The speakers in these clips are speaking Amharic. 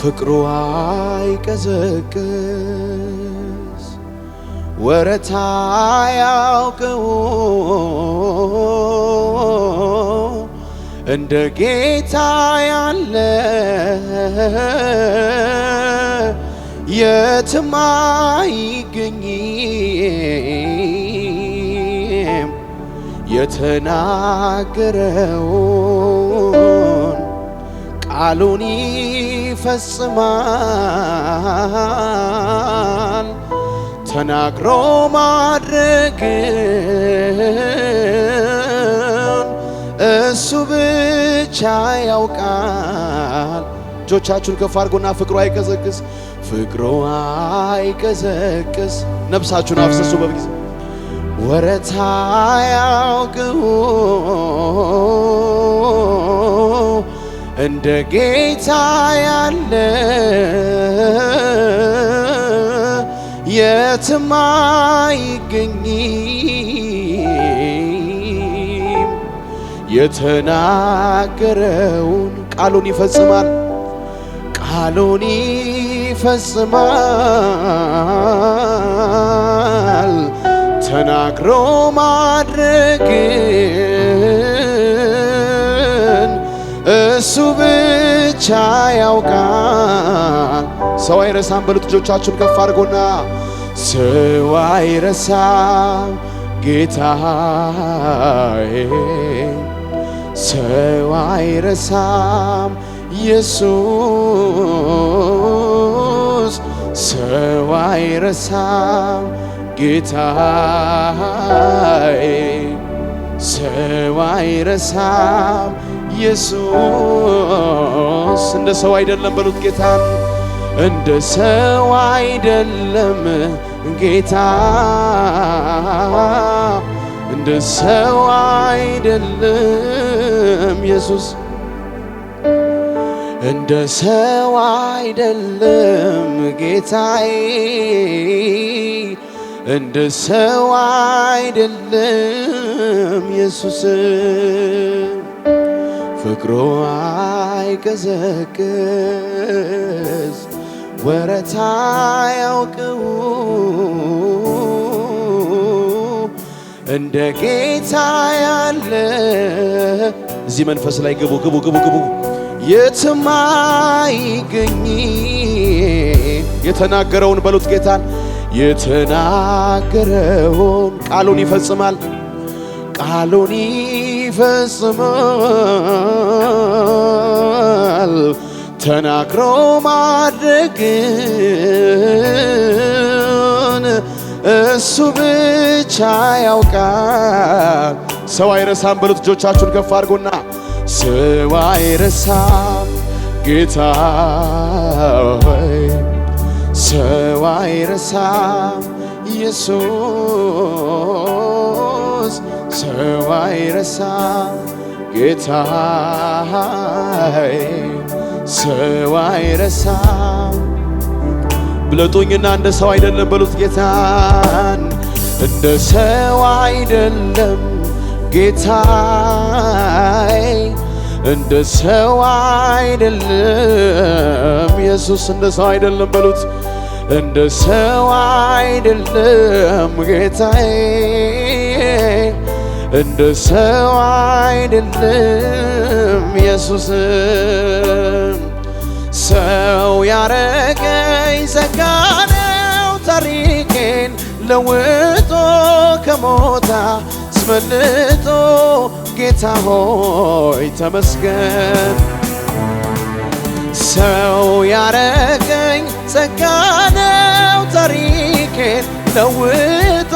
ፍቅሩ አይቀዘቅዝ ወረታ ያውቅው እንደ ጌታ ያለ የትም አይገኝም። የተናገረውን ቃሉን ይፈጽማል። ተናግሮ ማድረግን እሱ ብቻ ያውቃል። እጆቻችሁን ከፍ አድርጎና ፍቅሩ አይቀዘቅዝ፣ ፍቅሩ አይቀዘቅዝ። ነፍሳችሁን አፍስሱ በጊዜ ወረታ ያውቅው እንደ ጌታ ያለ የትም አይገኝም። የተናገረውን ቃሉን ይፈጽማል፣ ቃሉን ይፈጽማል። ተናግሮ ማድረግ ብቻ ያውቃል። ሰው አይረሳም በሉት እጆቻችሁን ከፍ አድርጎና ሰው አይረሳም ጌታዬ፣ ሰው አይረሳም ኢየሱስ፣ ሰው አይረሳም ጌታዬ፣ ሰው አይረሳም ኢየሱስ እንደ ሰው አይደለም በሉት ጌታን እንደ ሰው አይደለም ጌታ እንደ ሰው አይደለም ኢየሱስ እንደ ሰው አይደለም ጌታዬ እንደ ሰው አይደለም ኢየሱስ ፍቅሩ አይቀዘቅዝ ወረታ ያውቅው እንደ ጌታ ያለ እዚህ መንፈስ ላይ ግቡ ግቡ ግቡ ግቡ የትም አይገኝ የተናገረውን በሉት ጌታን የተናገረውን ቃሉን ይፈጽማል። ቃሉን ይፈጽማል። ተናግሮ ማድረግን እሱ ብቻ ያውቃል። ሰው አይረሳም በሉት። እጆቻችሁን ከፍ አድርጎና ሰው አይረሳም ጌታ ሆይ ሰው አይረሳም ኢየሱስ ክርስቶስ ሰው አይረሳ ጌታዬ ሰው አይረሳ ብለጡኝና እንደ ሰው አይደለም በሉት ጌታን እንደ ሰው አይደለም ጌታዬ እንደ ሰው አይደለም ኢየሱስ እንደ ሰው አይደለም በሉት እንደ ሰው አይደለም ጌታዬ እንደ ሰው አይደለም ኢየሱስም ሰው ያረገኝ ዘጋነው ታሪኬን ለውጦ ከሞታ አስመልጦ ጌታ ሆይ ተመስገን። ሰው ያረገኝ ዘጋነው ታሪኬን ለውጦ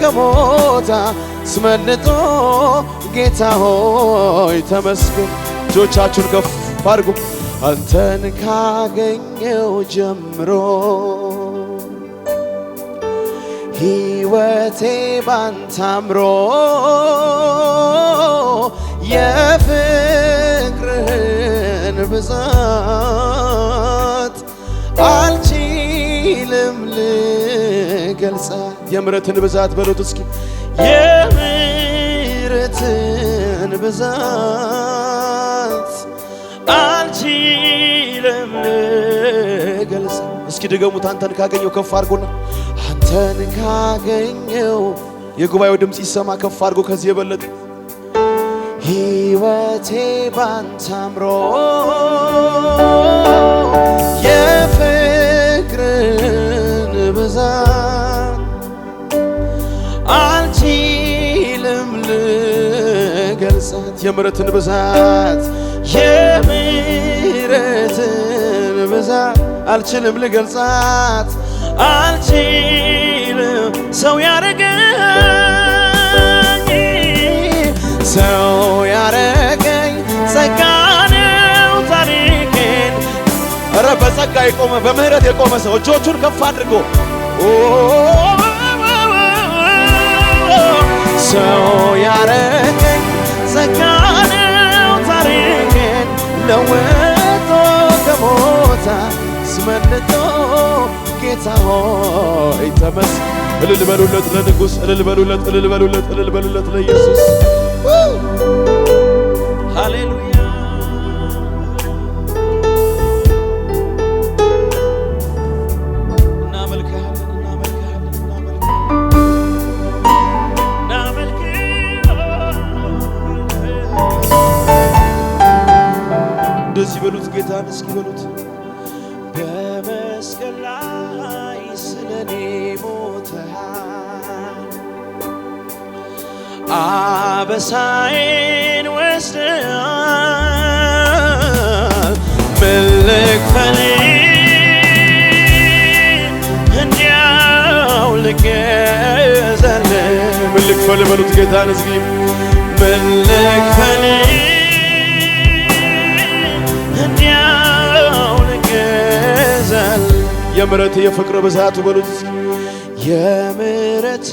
ከሞታ አስመልጦ ጌታ ሆይ ተመስገን። እጆቻችሁን ከፍ አድርጉ። አንተን ካገኘው ጀምሮ ሕይወቴ ባንታምሮ አምሮ የፍቅርህን ብዛት አልችልም ልገልጸ የምረትን ብዛት በሎት እስኪ ብዛት አልችልም ልገልጽ። እስኪ ድገሙት። አንተን ካገኘው ከፍ አድርጎና አንተን ካገኘው የጉባኤው ድምፅ ይሰማ ከፍ አድርጎ ከዚህ የበለጠ ሕይወቴ ባንተ አምሮ የፍቅርን ብዛት አልችልም ብዛት የምሕረትን ብዛት የምሕረትን ብዛት አልችልም ልገልጻት አልችልም ሰው ያረገኝ ሰው ያረገኝ ጸጋነው ታሪኬን እረ በጸጋ የቆመ በምሕረት የቆመ ሰው እጆቹን ከፍ አድርጎ ሰው ያረገ የነካነው ታሪኬን ለወጦ ከቦታ ስመልጦ ጌታ ሆይ ተመስገን። እልል በሉለት ለንጉሥ፣ እልል በሉለት፣ እልል በሉለት፣ እልል በሉለት ለኢየሱስ ጌታን እስኪ በሉት በመስቀል ላይ ስለኔ ሞተሃል፣ አበሳዬን ወስደሃል። ምን ልክፈል እንዲያው ልገዛልህ? ምን ልክፈል በሉት ጌታን እስኪ ምን ልክፈል የምረት የፍቅር ብዛት በሉት የምረት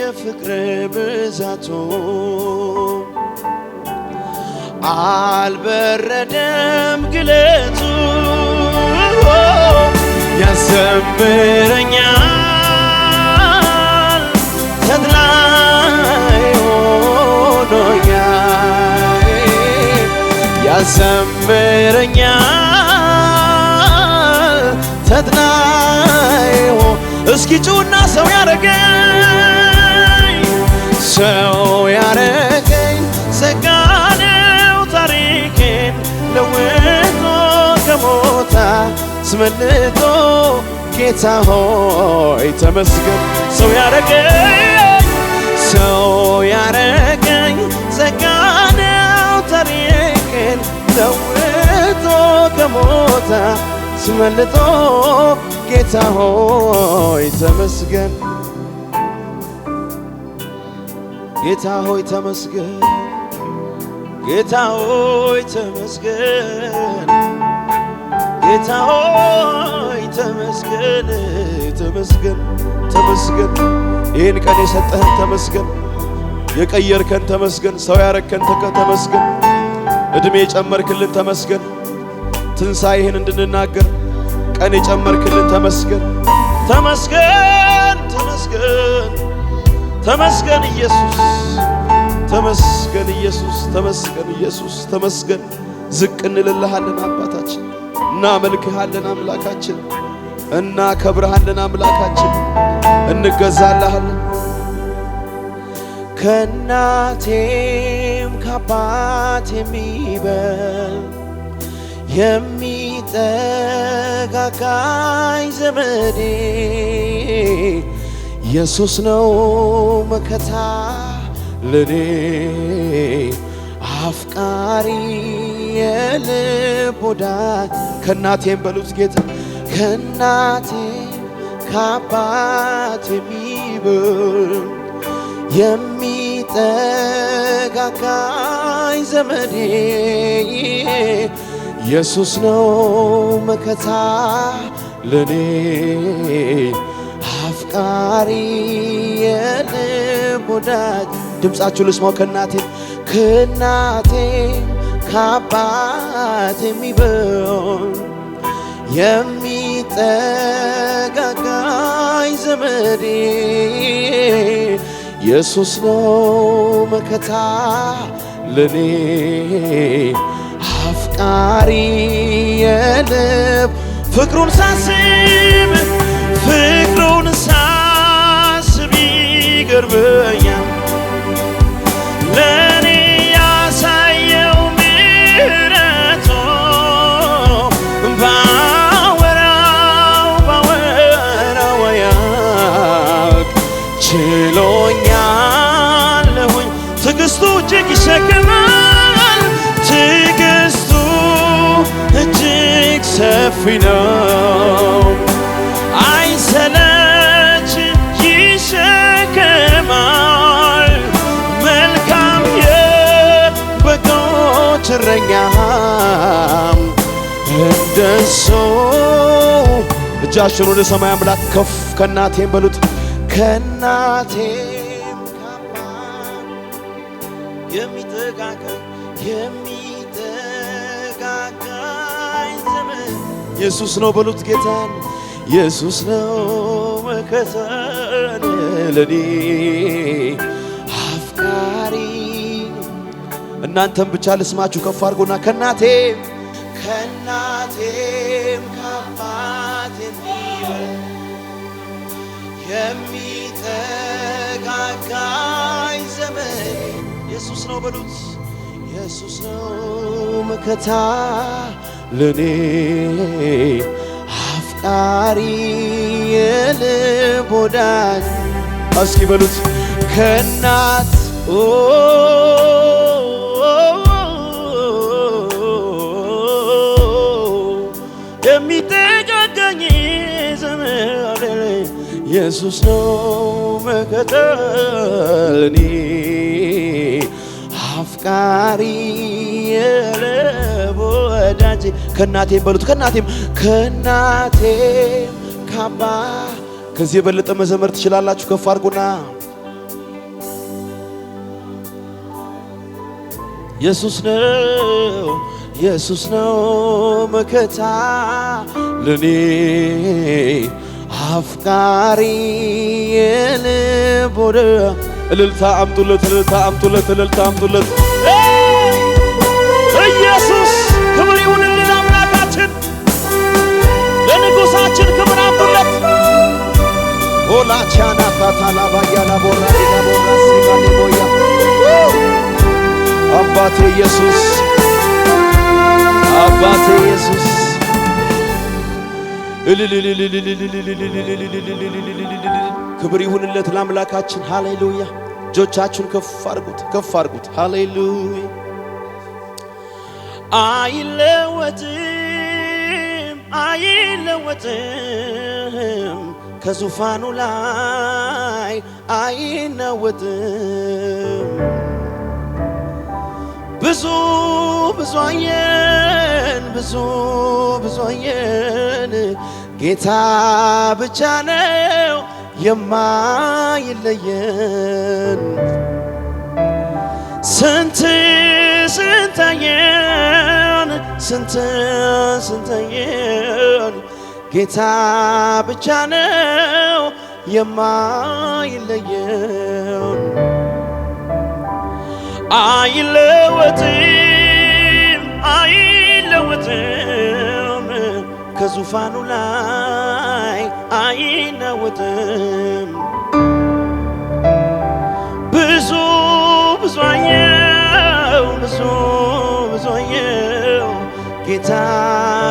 የፍቅር ብዛቱ አልበረደም ግለቱ ያሰምረኛል ተድላይ ሆኖኛል ያሰምረኛል እስኪ ጩና ሰው ያረገኝ ሰው ያረገኝ ዘጋኔው ታሪኬን ለውጦ ከሞታ ስመልጦ ጌታ ሆይ ተመስገን ሰው ያረገኝ ሰው ያረገኝ ዘጋኔው ታሪኬን ለውጦ ከሞታ ስመልጦ ጌታ ሆይ ተመስገን፣ ጌታ ሆይ ተመስገን፣ ጌታ ሆይ ተመስገን፣ ጌታ ሆይ ተመስገን፣ ተመስገን፣ ተመስገን። ይህን ቀን የሰጠህን ተመስገን፣ የቀየርከን ተመስገን፣ ሰው ያረከን ተመስገን፣ እድሜ የጨመርክልን ተመስገን፣ ትንሣኤህን እንድንናገር ቀን የጨመርክልን ተመስገን ተመስገን ተመስገን ተመስገን ኢየሱስ ተመስገን ኢየሱስ ተመስገን ኢየሱስ ተመስገን። ዝቅ እንልልሃለን አባታችን፣ እናመልክሃለን አምላካችን፣ እናከብርሃለን አምላካችን፣ እንገዛልሃለን ከእናቴም ከአባት የሚበልጥ የሚጠጋጋኝ ዘመዴ ኢየሱስ ነው መከታ ለኔ አፍቃሪ የልብ ወዳጅ ከእናቴም በሉት ጌታ ከእናቴም ከአባት የሚበልጥ የሚጠጋጋኝ ዘመዴ ኢየሱስ ነው መከታ ለኔ አፍቃሪ የልብ ወዳጅ ድምፃችሁ ልስማው ከእናቴ ከእናቴም ከአባት የሚበልጥ የሚጠጋጋኝ ዘመዴ ኢየሱስ ነው መከታ ለኔ ፈጣሪ የለም ፍቅሩን ሳስብ ፍቅሩን ሳስብ ይገርመኛል ሰፊ ነው፣ አይሰለች ይሸከማል። መልካም የበጎች እረኛ እንደሱ እጃችሁን ወደ ሰማይ አምላክ ከፍ ከእናቴም በሉት ከእናቴም የሚጠጋጋ ኢየሱስ ነው በሉት ጌታን ኢየሱስ ነው መከታን ለኔ አፍቃሪ እናንተም ብቻ ልስማችሁ ከፍ አድርጎና ከናቴም ከናቴም ከአባት የሚበልጥ የሚተጋጋኝ ዘመኔ ኢየሱስ ነው በሉት ኢየሱስ ነው መከታ ለኔ አፍቃሪ የልብ ወዳጅ እስኪ በሉት ከእናት የሚጠጋጋኝ ዘመድ ኢየሱስ ነው መከተለኔ አፍቃሪ የለብ ወዳጄ ከእናቴም በሉት ከእናቴም ከእናቴም ካባ ከዚህ የበለጠ መዘመር ትችላላችሁ። ከፍ አድርጉና ኢየሱስ ነው ኢየሱስ ነው መከታ ለኔ አፍቃሪ የልቦደ እልልታ አምጡለት እልልታ አምጡለት እልልታ አምጡለት ቶላ ቻና ካታላባያና ቦራ ዲናቦራ ሲካኒ ቦያ አባቴ ኢየሱስ አባቴ ኢየሱስ ክብር ይሁንለት ለአምላካችን። ሃሌሉያ! እጆቻችሁን ከፍ አርጉት፣ ከፍ አርጉት። ሃሌሉያ! አይለወጥም፣ አይለወጥም ከዙፋኑ ላይ አይናወጥም። ብዙ ብዙ አየን፣ ብዙ ብዙ አየን። ጌታ ብቻ ነው የማይለየን። ስንት ስንታየን፣ ስንት ስንታየን ጌታ ብቻ ነው የማይለየው አይለወጥም አይለወጥም ከዙፋኑ ላይ አይናወጥም ብዙ ብዙ አየው ብዙ ብዙ አየው ጌታ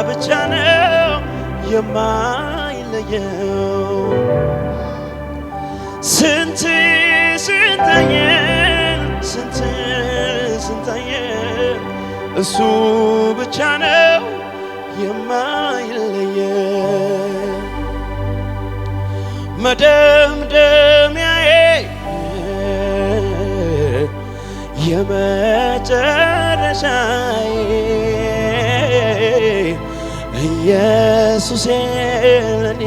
ብቻ ነው የማይለየው ስንት ስንታየ ስንት ስንታየ እሱ ብቻ ነው የማይለየ መደምደሚያዬ የመጨረሻዬ ኢየሱስ ለኔ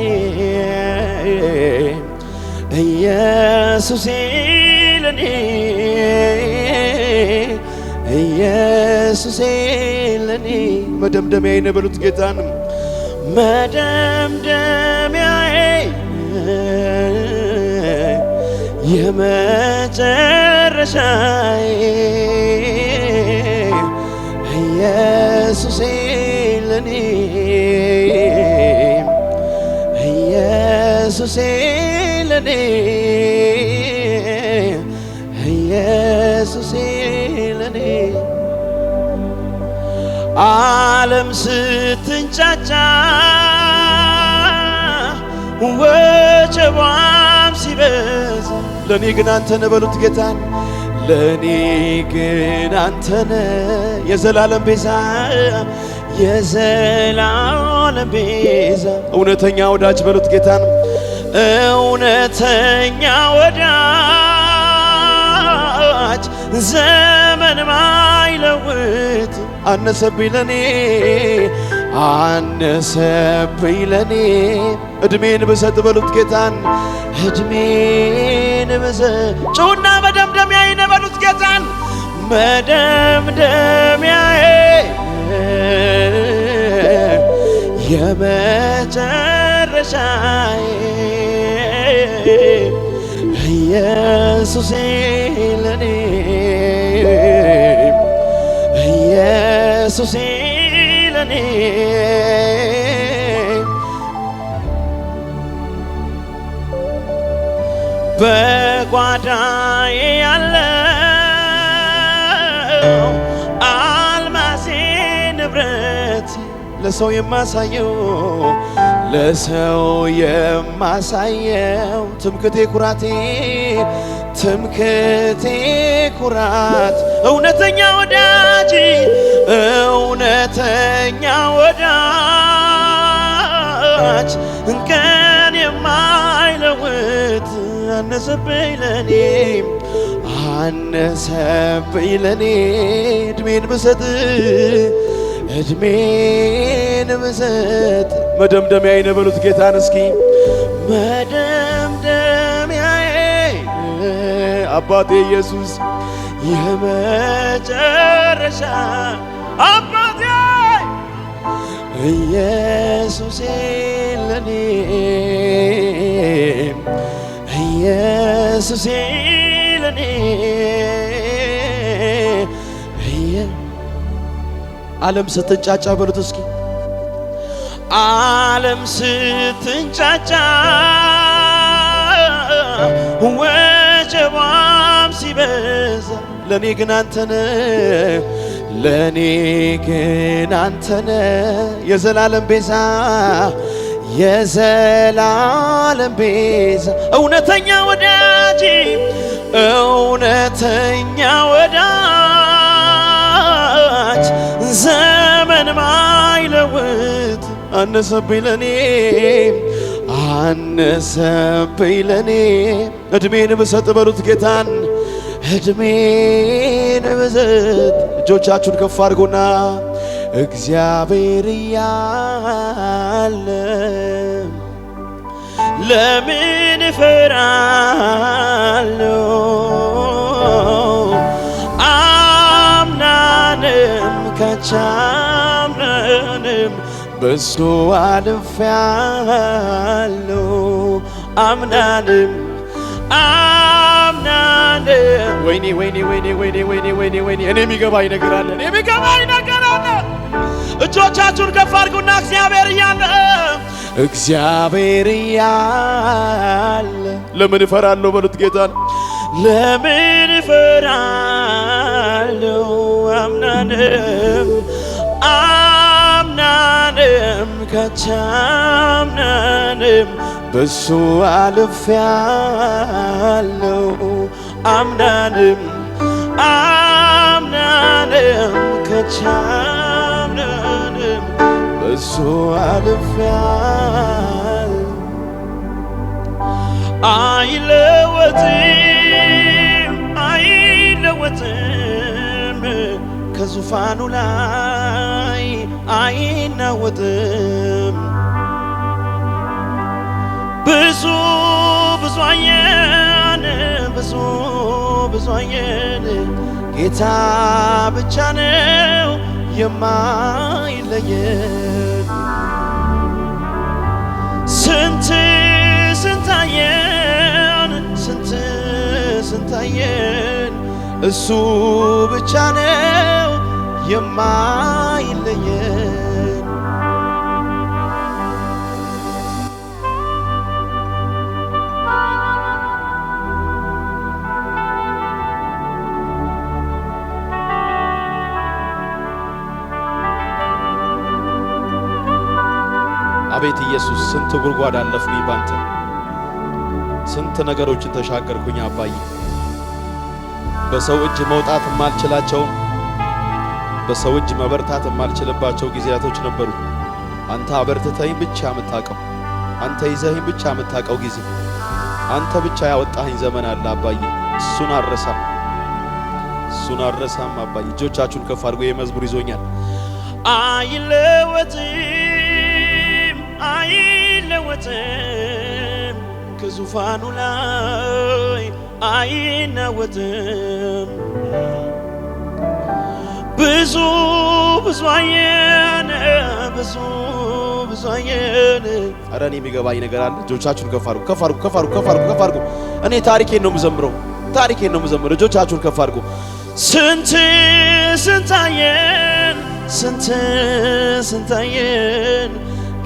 ኢየሱስ ለኔ መደምደሚያ ለኔ መደምደሚያዬ ጌታን መደምደሚያዬ የመጨረሻዬ ኢየሱስ ለኔ ኢየሱሴ ለኔ ኢየሱሴ ለኔ ዓለም ስትንጫጫ ወጀቧም ሲበዛ ለእኔ ግን አንተነ በሉት ጌታን ለእኔ ግን አንተነ የዘላለም ቤዛ የዘላለም ቤዛ እውነተኛ ወዳጅ በሉት ጌታ ነው። እውነተኛ ወዳጅ ዘመን ማይለውጥ አነሰብኝ ለኔ አነሰብኝ ለኔ እድሜን ብሰጥ በሉት ጌታን እድሜን ብሰጥ ጩውና መደምደሚያዬ ነው በሉት ጌታን መደምደሚያዬ የመጨረሻዬ ኢየሱሴ ለኔ ኢየሱሴ ለኔ በጓዳዬ ያለው አልማሴ ንብረት ለሰው የማሳየው ለሰው የማሳየው ትምክቴ ኩራቴ ትምክቴ ኩራት እውነተኛ ወዳጅ እውነተኛ ወዳጅ እንከን የማይለውጥ አነሰብኝ ለኔ አነሰብኝ ለኔ እድሜን ብሰጥ እድሜን ብሰጥ መደምደሚያዬን በሉት ጌታን እስኪ መደምደሚያዬን አባቴ ኢየሱስ የመጨረሻ አባቴ ኢየሱሴ ለኔ ኢየሱሴ ለኔ ዓለም ስትንጫጫ በሉት እስኪ ዓለም ስትንጫጫ ወጀቧም ሲበዛ ለእኔ ግን አንተነ ለእኔ ግን አንተነ የዘላለም ቤዛ የዘላለም ቤዛ እውነተኛ ወዳጅ እውነተኛ ወዳ ዘመን ማይለውጥ አነሰብኝ ለኔ አነሰብኝ ለኔ እድሜን ብሰጥ በሉት ጌታን እድሜን ብሰጥ እጆቻችሁን ከፍ አድርጎና እግዚአብሔር እያለ ለምን እፈራለሁ? አምናን ካቻምነንም በሱ አልፌያለሁ አምናንም አምናንም ወይኔ ወይኔ ወይኔ ወይኔ ወይኔ ወይኔ ወይኔ እኔ የሚገባኝ ነገር አለ። እኔ የሚገባኝ ነገር አለ። እጆቻችሁን ከፍ አድርጉና እግዚአብሔር እያለ እግዚአብሔር እያለ ለምን እፈራለሁ በሉት ጌታ ነው ለምን እፈራለሁ? አምናንም አምናንም ካቻምናንም በሱ አልፌያለሁ። አምናንም አምናንም ካቻምናንም በሱ አልፌያለሁ አይለወጥም ከዙፋኑ ላይ አይናወጥም። ብዙ ብዙ አየን፣ ብዙ ብዙ አየን። ጌታ ብቻ ነው የማይለየን። ስንት ስንት አየን፣ ስንት ስንት አየን እሱ ብቻ ነው የማይለየን አቤት ኢየሱስ ስንት ጉድጓድ አለፍኩኝ ባንተ፣ ስንት ነገሮችን ተሻገርኩኝ አባዬ በሰው እጅ መውጣት ማልችላቸውን በሰው እጅ መበርታት የማልችልባቸው ጊዜያቶች ነበሩ። አንተ አበርትተኝ ብቻ የምታቀው፣ አንተ ይዘህኝ ብቻ የምታቀው ጊዜ፣ አንተ ብቻ ያወጣኸኝ ዘመን አለ አባዬ። እሱን አረሳም፣ እሱን አረሳ አባዬ። እጆቻችሁን ከፍ አድርጎ የመዝሙር ይዞኛል። አይለወጥም፣ አይለወጥም ከዙፋኑ ላይ አይናወጥም ብዙ ብዙ አየን ብዙ ብዙ አየን። ኧረ እኔ የሚገባኝ ነገር አለ። እጆቻችሁን ከፍ አድርጉ፣ ከፍ አድርጉ፣ ከፍ አድርጉ፣ ከፍ አድርጉ፣ ከፍ አድርጉ። እኔ ታሪኬን ነው የምዘምረው፣ ታሪኬን ነው የምዘምረው። እጆቻችሁን ከፍ አድርጉ። ስንት ስንት አየን፣ ስንት ስንት አየን።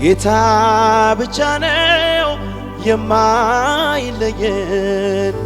ጌታ ብቻ ነው የማይለየን